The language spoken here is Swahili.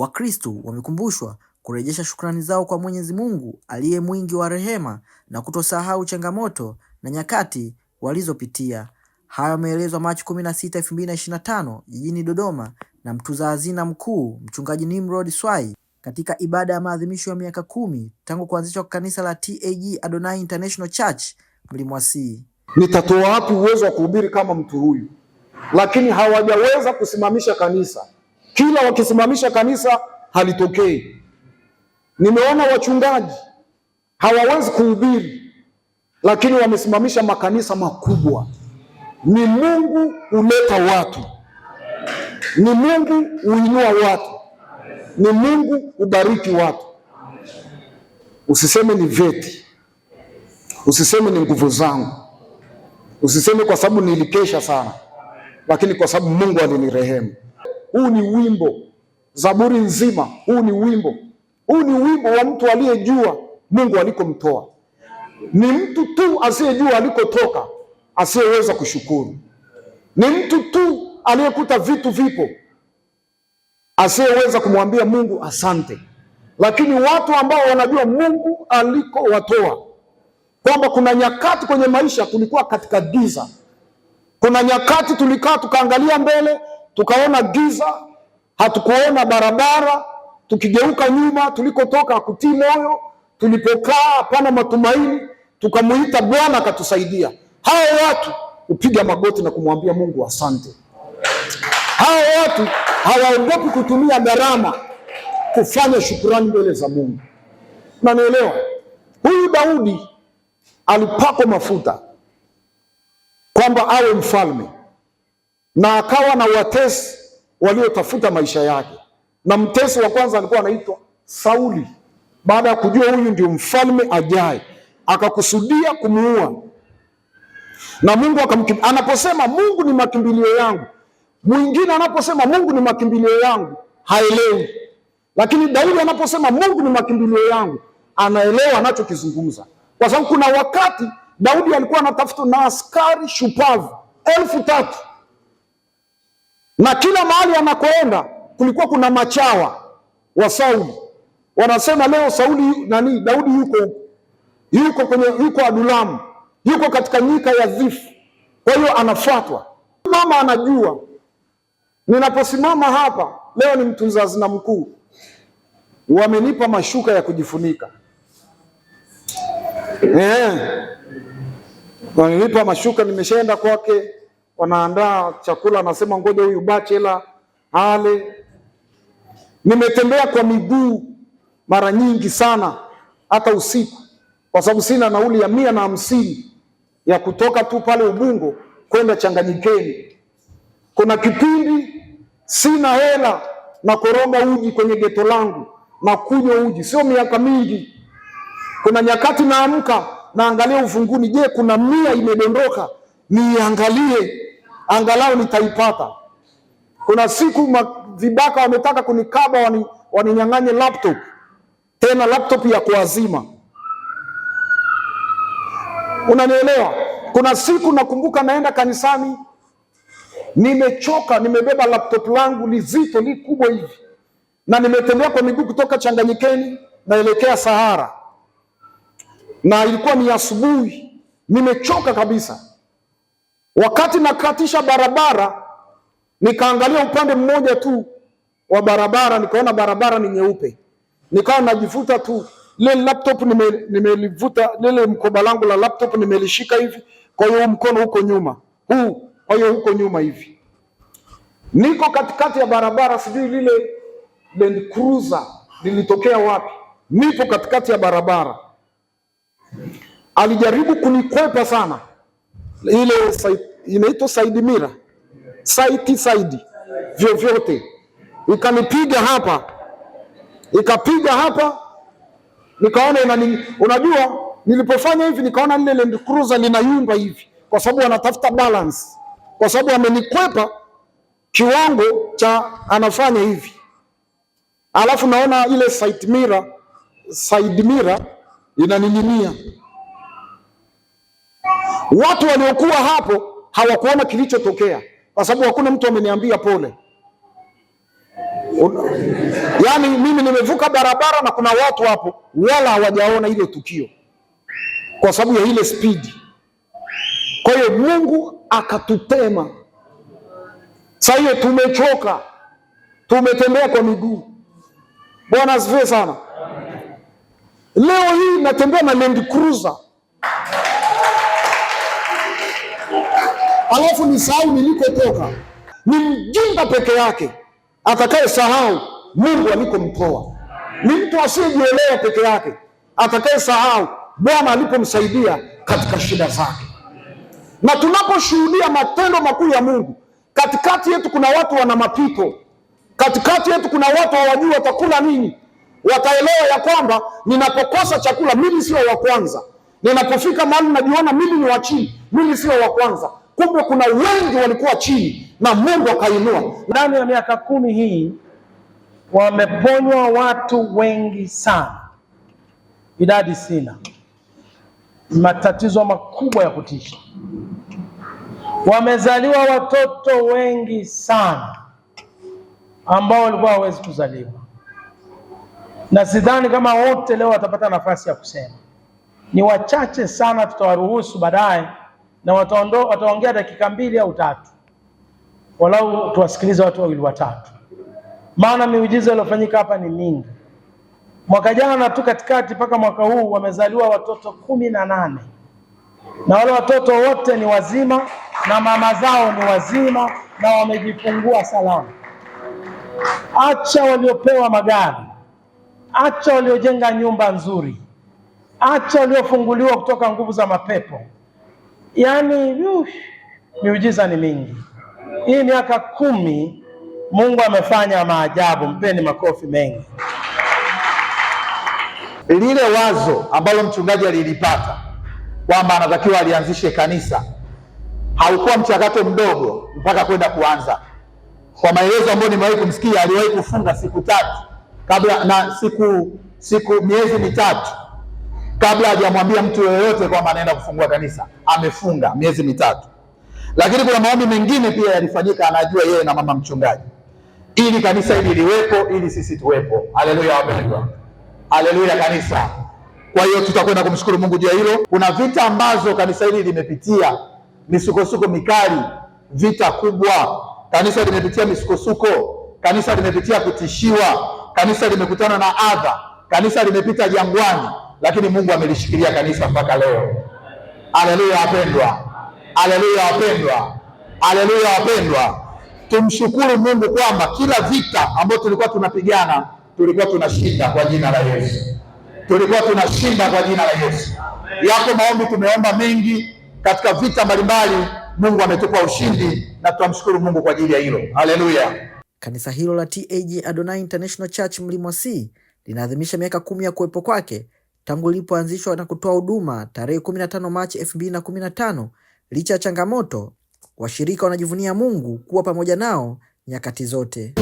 Wakristo wamekumbushwa kurejesha shukrani zao kwa Mwenyezi Mungu aliye mwingi wa rehema na kutosahau changamoto na nyakati walizopitia. Hayo yameelezwa Machi 16, 2025 jijini Dodoma na mtuza hazina mkuu Mchungaji Nimrod Swai katika ibada ya maadhimisho ya miaka kumi tangu kuanzishwa kwa kanisa la TAG Adonai International Church Mlimwasi. Nitatoa wapi uwezo wa kuhubiri kama mtu huyu? Lakini hawajaweza kusimamisha kanisa. Kila wakisimamisha kanisa halitokei. Nimeona wachungaji hawawezi kuhubiri, lakini wamesimamisha makanisa makubwa. Ni Mungu huleta watu, ni Mungu huinua watu, ni Mungu hubariki watu. Usiseme ni veti, usiseme ni nguvu zangu, usiseme kwa sababu nilikesha sana, lakini kwa sababu Mungu alinirehemu. Huu ni wimbo, Zaburi nzima huu ni wimbo, huu ni wimbo wa mtu aliyejua Mungu alikomtoa. Ni mtu tu asiyejua alikotoka, asiyeweza kushukuru. Ni mtu tu aliyekuta vitu vipo, asiyeweza kumwambia Mungu asante. Lakini watu ambao wanajua Mungu alikowatoa, kwamba kuna nyakati kwenye maisha tulikuwa katika giza, kuna nyakati tulikaa tukaangalia mbele tukaona giza, hatukuona barabara. Tukigeuka nyuma tulikotoka hakutii moyo, tulipokaa hapana matumaini, tukamuita Bwana akatusaidia. hawa watu hupiga magoti na kumwambia Mungu asante. hawa watu hawaogopi kutumia gharama kufanya shukurani mbele za Mungu. Nanielewa, huyu Daudi alipakwa mafuta kwamba awe mfalme na akawa na watesi waliotafuta maisha yake, na mtesi wa kwanza alikuwa anaitwa Sauli. Baada ya kujua huyu ndio mfalme ajaye, akakusudia kumuua, na Mungu akamkimbia. Anaposema Mungu ni makimbilio yangu, mwingine anaposema Mungu ni makimbilio yangu haelewi, lakini Daudi anaposema Mungu ni makimbilio yangu anaelewa anachokizungumza, kwa sababu kuna wakati Daudi alikuwa anatafuta na askari shupavu elfu tatu na kila mahali anakoenda kulikuwa kuna machawa wa Sauli. Wanasema leo Sauli nani, Daudi yuko yuko kwenye yuko Adulamu, yuko katika nyika ya Zifu. Kwa hiyo anafuatwa. Mama anajua ninaposimama hapa leo ni mtunza hazina mkuu, wamenipa mashuka ya kujifunika eh, wamenipa mashuka, nimeshaenda kwake wanaandaa chakula, anasema ngoja huyu bache ale. Nimetembea kwa miguu mara nyingi sana, hata usiku, kwa sababu sina nauli ya mia na hamsini ya kutoka tu pale Ubungo kwenda Changanyikeni. Kuna kipindi sina hela na koroga uji kwenye geto langu na kunywa uji, sio miaka mingi. Kuna nyakati naamka naangalia ufunguni, je, kuna mia imedondoka niiangalie angalau nitaipata. Kuna siku vibaka wametaka kunikaba, wani, waninyang'anye laptop, tena laptop ya kuazima. Unanielewa? Kuna siku nakumbuka naenda kanisani, nimechoka, nimebeba laptop langu lizito li kubwa hivi, na nimetembea kwa miguu kutoka Changanyikeni naelekea Sahara, na ilikuwa ni asubuhi, nimechoka kabisa Wakati nakatisha barabara, nikaangalia upande mmoja tu wa barabara, nikaona barabara ni nyeupe, nikawa najivuta tu lile laptop nimelivuta, nime lile mkoba langu la laptop nimelishika hivi, kwa hiyo mkono huko nyuma huu, kwa hiyo huko nyuma hivi, niko katikati ya barabara, sijui lile Land Cruiser lilitokea wapi, nipo katikati ya barabara. Alijaribu kunikwepa sana ile site, inaitwa Saidi Mira site Saidi, vyovyote ikanipiga hapa, ikapiga hapa, nikaona ina, unajua nilipofanya hivi nikaona lile Land Cruiser linayumba hivi, kwa sababu anatafuta balance, kwa sababu amenikwepa kiwango cha anafanya hivi, alafu naona ile side mirror, side mirror inaning'inia Watu waliokuwa hapo hawakuona kilichotokea, kwa sababu hakuna mtu ameniambia pole. Yaani mimi nimevuka barabara na kuna watu hapo wala hawajaona ile tukio kwa sababu ya ile spidi. Kwa hiyo Mungu akatutema. Sasa hiyo tumechoka, tumetembea kwa miguu. Bwana asifiwe sana. Leo hii natembea na Land Cruiser alafu nisahau nilikotoka. Ni mjinga peke yake atakaye sahau Mungu alikomtoa. Ni mtu asiyejielewa peke yake atakaye sahau Bwana alipomsaidia katika shida zake. Na tunaposhuhudia matendo makuu ya Mungu, katikati yetu kuna watu wana mapito, katikati yetu kuna watu hawajui watakula nini. Wataelewa ya kwamba ninapokosa chakula mimi sio wa kwanza, ninapofika mahali najiona mimi ni wa chini, mimi sio wa kwanza. Kumbe kuna wengi walikuwa chini na Mungu akainua. Ndani ya miaka kumi hii wameponywa watu wengi sana, idadi sina, matatizo makubwa ya kutisha. Wamezaliwa watoto wengi sana ambao walikuwa hawezi kuzaliwa, na sidhani kama wote leo watapata nafasi ya kusema. Ni wachache sana, tutawaruhusu baadaye na wataondoa wataongea dakika mbili au tatu, walau tuwasikilize watu wawili watatu, maana miujiza iliyofanyika hapa ni mingi. Mwaka jana tu katikati mpaka mwaka huu wamezaliwa watoto kumi na nane na wale watoto wote ni wazima na mama zao ni wazima na wamejifungua salama. Acha waliopewa magari, acha waliojenga nyumba nzuri, acha waliofunguliwa kutoka nguvu za mapepo yani yush, miujiza ni mingi. Hii miaka kumi Mungu amefanya maajabu, mpeni makofi mengi. Lile wazo ambalo mchungaji alilipata kwamba anatakiwa alianzishe kanisa haukuwa mchakato mdogo mpaka kwenda kuanza. Kwa maelezo ambayo nimewahi kumsikia, aliwahi kufunga siku tatu kabla na siku siku miezi mitatu kabla hajamwambia mtu yoyote kwamba anaenda kufungua kanisa, amefunga miezi mitatu. Lakini kuna maombi mengine pia yalifanyika, anajua yeye na mama mchungaji, ili kanisa hili liwepo, ili sisi tuwepo. Haleluya wapendwa, haleluya kanisa. Kwa hiyo tutakwenda kumshukuru Mungu juu ya hilo. Kuna vita ambazo kanisa hili limepitia, misukosuko mikali, vita kubwa. Kanisa limepitia misukosuko, kanisa limepitia kutishiwa, kanisa limekutana na adha, kanisa limepita jangwani lakini Mungu amelishikilia kanisa mpaka leo. Haleluya wapendwa, haleluya wapendwa, haleluya wapendwa. Tumshukuru Mungu kwamba kila vita ambayo tulikuwa tunapigana tulikuwa tunashinda kwa jina la Yesu, tulikuwa tunashinda kwa jina la Yesu. Yako maombi tumeomba mengi katika vita mbalimbali, Mungu ametupa ushindi na tunamshukuru Mungu kwa ajili ya hilo. Haleluya. Kanisa hilo la TAG Adonai International Church Mlimwa C linaadhimisha miaka kumi ya kuwepo kwake tangu ilipoanzishwa na kutoa huduma tarehe 15 Machi 2015. Licha ya changamoto, washirika wanajivunia Mungu kuwa pamoja nao nyakati zote.